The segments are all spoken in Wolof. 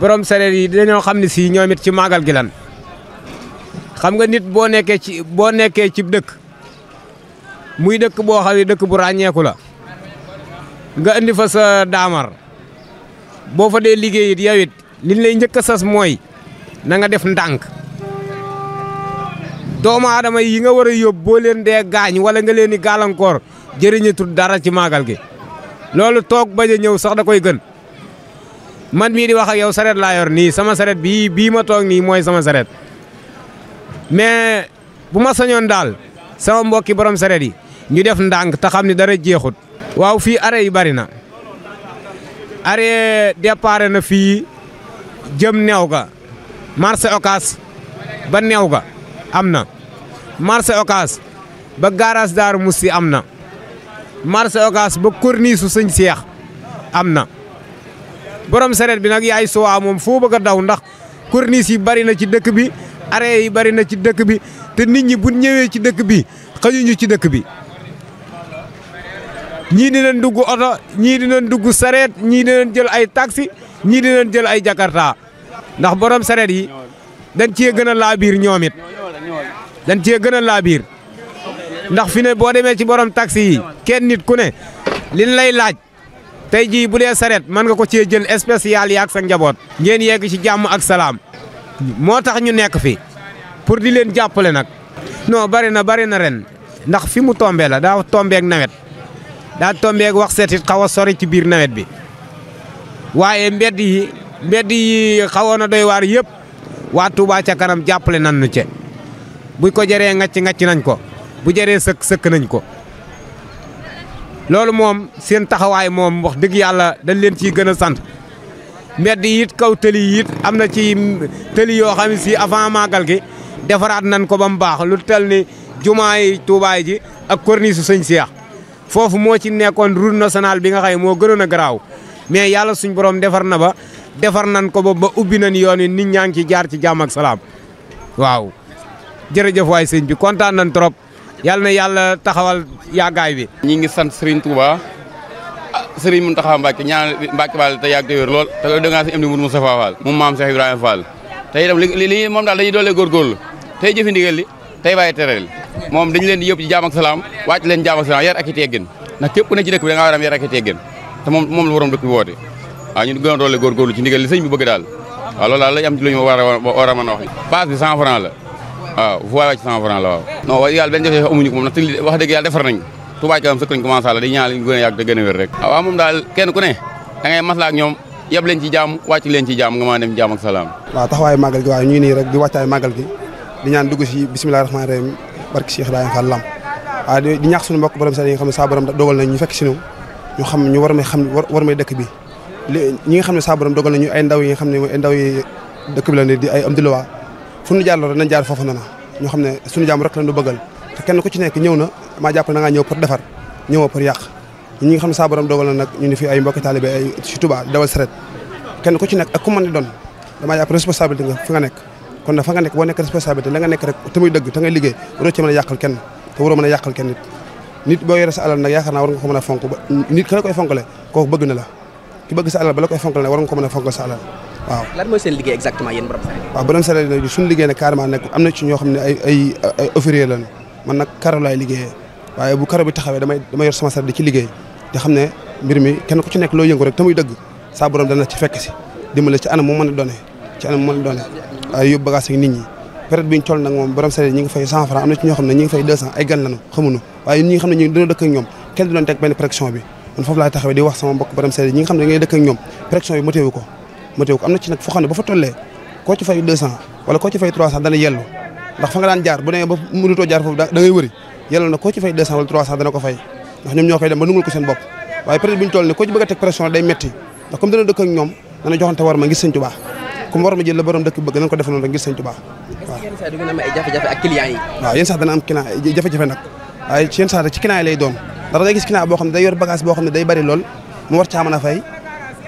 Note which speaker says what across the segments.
Speaker 1: borom sareet yi dañoo xam ne sii ñoom ci màggal gi lan xam nga nit boo nekkee ci boo nekkee ci dëkk muy dëkk boo xam dëkk bu ràññeeku la nga indi fa sa daamar boo fa dee liggéey yawit yow it liñ lay njëkk a sas mooy nanga def ndànk doomu aadama yi nga war a yóbbu boo leen dee gaañ wala nga leen i gàllankoor jëriñatul dara ci màggal gi loolu toog ba a ñëw sax da koy gën man mii di wax ak yow sareet laa yor nii sama sareet bii bii ma toog nii mooy sama sareet mais bu ma sañoon daal sama mbokki borom sareet yi ñu def ndànk te xam ne dara jeexut. waaw fii arrêt yi bari na arrêt départ na fii jëm neew ga marché Ocass ba neew ga am na marché Ocass ba garage Daaru Musti am na marché Ocass ba corniche su sëñ Seex am na borom sareet bi nag yaay suwaa moom foo bëgg a daw ndax korniis yi bari na ci dëkk bi arrêt yi bari na ci dëkk bi te nit ñi bu ñëwee ci dëkk bi xajuñu ci dëkk bi ñii dinañ dugg oto ñii dinañ dugg sareet ñii dinañ jël ay taxi ñii dinañ jël ay jakarta ndax borom sareet yi dañ cee gën a laabiir ñoom it dañ cee gën a laabiir ndax fi ne boo demee ci borom taxi yi kenn nit ku ne liñ lay laaj tey jii bu dee saret mën nga ko cee jël spécial yaak sa njaboot ngeen yegg ci jàmm ak salaam moo tax ñu nekk fi pour di leen jàppale nag noo bari na bari na ren ndax fi mu tombee la daa tombeek nawet daa tombeek wax seet xaw a sori ci biir nawet bi waaye mbedd yi mbedd yi xawoon a doy waar yëpp waa Touba ca kanam jàppale nan nu ce buñ ko jëree ngacc ngacc nañ ko bu jëree sëkk sëkk nañ ko loolu moom seen taxawaay moom mbox dëgg yàlla dañ leen ciy gën a sant mbedd yi kaw tëli yi am na ci tëli yoo xam ne si avant màggal gi defaraat nañ ko ba mu baax lu tel ni jumaa yi tuubaay ji ak corniche su sëñ Seex foofu moo ci nekkoon route nationale bi nga xay moo gënoon a garaaw mais yàlla suñ borom defar na ba defar nañ ko ba ba ubbi nañ yoon yi nit ñaa ngi ci jaar ci jàmm ak salaam waaw jërëjëf waay sëñ bi kontaan nañ trop. yàlla na yàlla taxawal yàggaay bi. ñi ngi sant Serigne Touba Serigne Mountakha Mbacké ñaanal Mbacké Fall te yàgg te wér lool te loolu da ngaa si am di Mourou Moustapha Fall moom maam Cheikh Ibrahima Fall te itam moom daal dañuy doole góorgóorlu tey jëfi ndigal li tey bàyyi tereel moom dañu leen di yóbbu ci jaam ak salaam wàcc leen jaam ak salaam yar ak i teggin ndax képp ku ne ci dëkk bi da ngaa war a am yar ak i teggin moom moom la waroon dëkk bi woote waaw ñun gën doole góorgóorlu ci ndigal li sëñ bi bëgg daal waaw loolu daal a war a a la waaw voilà ci 100 francs la waaw non wax wax dëgg yàlla defar nañ Touba Ca Kanam sëkk nañ commencé la di ñaan ñu gën a yàgg gën a wér rek ah, waaw moom daal kenn ku ne da ngay maslaa ak ñoom yeb leen ci jaam wàcc leen ci jaam nga mën a dem jaam ak salaam
Speaker 2: waaw taxawaay màggal gi waaye ñu ngi nii rek di wàccaay màggal gi di ñaan dugg si bismillahi rahmaani rahim barki Cheikh Ibrahima Fall lam waaw di ñaax suñu mbokk borom sa xam ne saa borom dogal nañ ñu fekk si ñu xam ñu war may xam dëkk bi ñi nga xam ne saa borom dogal nañu ndaw yi nga xam ne ay ndaw yi dëkk bi la ne di fu ñu jàlloon nañ jaar foofu noonu ñoo xam ne suñu jàmm rek lañ du bëggal kenn ku ci nekk ñëw na maa jàpp na ngaa ñëw pour defar ñëwoo pour yàq ñi nga xam ne saa borom dogal nag ñu ni fi ay mbokki taalibe ay ci dawal saret kenn ku ci nekk ak ku mën di doon damaa jàpp responsabilité nga fi nga nekk kon nag fa nga nekk boo nekk responsabilité la nga nekk rek te muy dëgg te ngay liggéey waroo ci mën a kenn te waroo mën a yàqal kenn nit boo yore sa alal nag yaakaar naa war nga bëgg na la ki bala koy fonkal ne war nga ko mën a fonkal sa alal waaw.
Speaker 3: lan mooy seen liggéey exactement yéen borom nag
Speaker 2: suñu liggéey nag am na ci ñoo xam ne ay ay ay man nag karo laay waaye bu karo bi taxawee damay yor sama sareet di ci liggéey di xam ne mbir mi kenn ku ci nekk loo yëngu rek te muy dëgg saa borom dana ci fekk si dimbale ci anam mu mën a doone ci anam mu mën a doone waaye yóbbu bagage ak ñi période bi ñu toll moom borom sareet ñi nga xam ne ñu man foofu ñoom pression yi ñoom ba nungul ko seen bopp waaye peut bu ñu toll ne koo ci bëgg a teg pression day metti ndax comme dana dëkk ñoom dana joxante war ma ngir sëñ Tuubaa comme war ma jël la borom dëkk bëgg nañ ko defaloon rek ngir sëñ Tuubaa waaw waaw yenn saa dana am client jafe-jafe nag waaye yenn saa ci client lay doon ndax da ngay gis boo xam ne day yor bagage boo xam ne a fay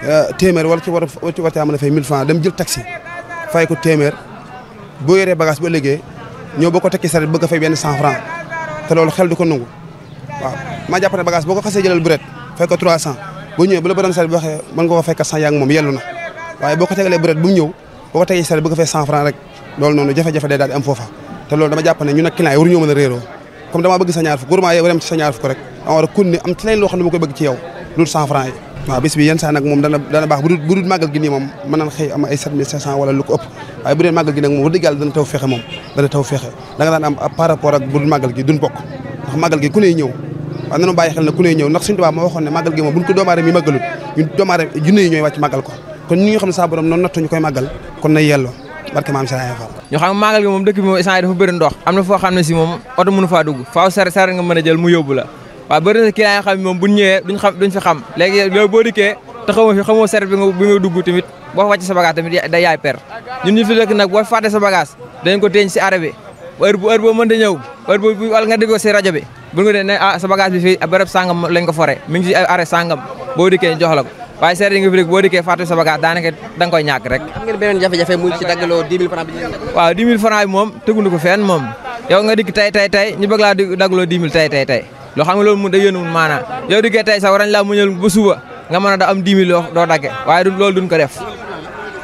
Speaker 2: euh, téeméer wala ci war ci war caa mën a fay dem jël taxi fay ko téeméer boo yoree bagage bu ëllëgee ñëw boo ko te loolu xel du ko nangu waaw maa jàpp ko xasee jëlal buret fay ko 300 boo ñëwee bu la borom saret boo ko tegalee buret bu mu ñëw boo ko tegee saret bëgg a fay 100 francs rek loolu noonu jafe-jafe day daal di foofa te loolu dama jàpp ñu nag client yi waruñoo mën a réeroo comme dama bëgg sa ñaar fukk góor maa yow dem ci rek on war a continuer am ci leneen loo xam ne koy bëgg ci yow loolu cent franc yi waaw bis bi saa nag moom dana baax bu dul màggal gi nii moom mën naan xëy am ay sept nag moom dana taw bu dul màggal gi duñ bokk ndax màggal gi ku ne ñëw waaw nanu bàyyi xel ne ku ne ñëw ndax suñu tubaab moo waxoon ne màggal gi moom buñ ko doomaare mi màggalut ñu doomaare junne yi ñooy wàcc màggal ko kon ñi nga ne saa noonu nattu ñu koy màggal kon na yelloo barke maam
Speaker 3: sare a jël mu yóbbu la waaw bëri na client yoo xam moom buñ ñëwee duñ xam duñ fi xam léegi loolu boo dikkee te xamoo fi xamoo serre bi nga dugg tamit boo wàcc sa bagage tamit day yaay per ñun ñu fi dëkk nag boo fàtte sa bagage dañ ko teeñ si arrêt bi heure bu heure boo mën ta ñëw heure bu wala nga dégg ko si rajo bi bu nga ne ah sa bi fii ah, bërëb sàngam lañ ko fore mi ngi si arrêt sàngam boo dikkee ñu jox la ko waaye seer yi nga fi dégg boo dikkee fàtte sa bagage daanaka da nga koy ñàkk rek am ngeen beneen jafe-jafe muy ci daggaloo 10000 francs bi waaw 10000 francs bi moom tëgguñu ko fenn moom yow nga dikk loo xam loolu mun da yéenwul maanaa yow di tey sax laa muñal ba suba nga mën a am 10 000 doo dagge waaye du loolu duñ ko def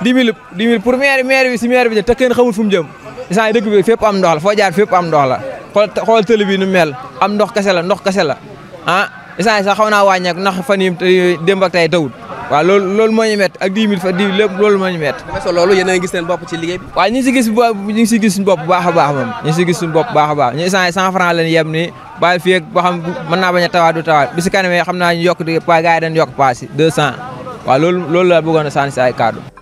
Speaker 3: 10 000 10 000 pour maire maire bi si maire bi te kenn xamul fu mu jëm instant yi dëkk bi fépp am ndox la foo jaar fépp am ndox la xool xool tëli nu mel am ndox kese la ndox kese la ah instant yi xaw naa wàññeeku ndax fan yi démb ak tey tawut waaw loolu loolu moo ñu métti ak 10 000 fa di lépp loolu moo ñu métti. gis seen bopp ci liggéey bi. waaw ñu ngi si gis bu ñu si gis suñu baax baax moom ñu si gis suñu baax baax ñu instant yii 100 francs lañ yem nii baal fii ak boo xam mën naa bañ a si kanamee xam naa ñu yokk di pa gars yi dañ yokk paas yi 200 waaw loolu laa bëggoon a sànni si ay kàddu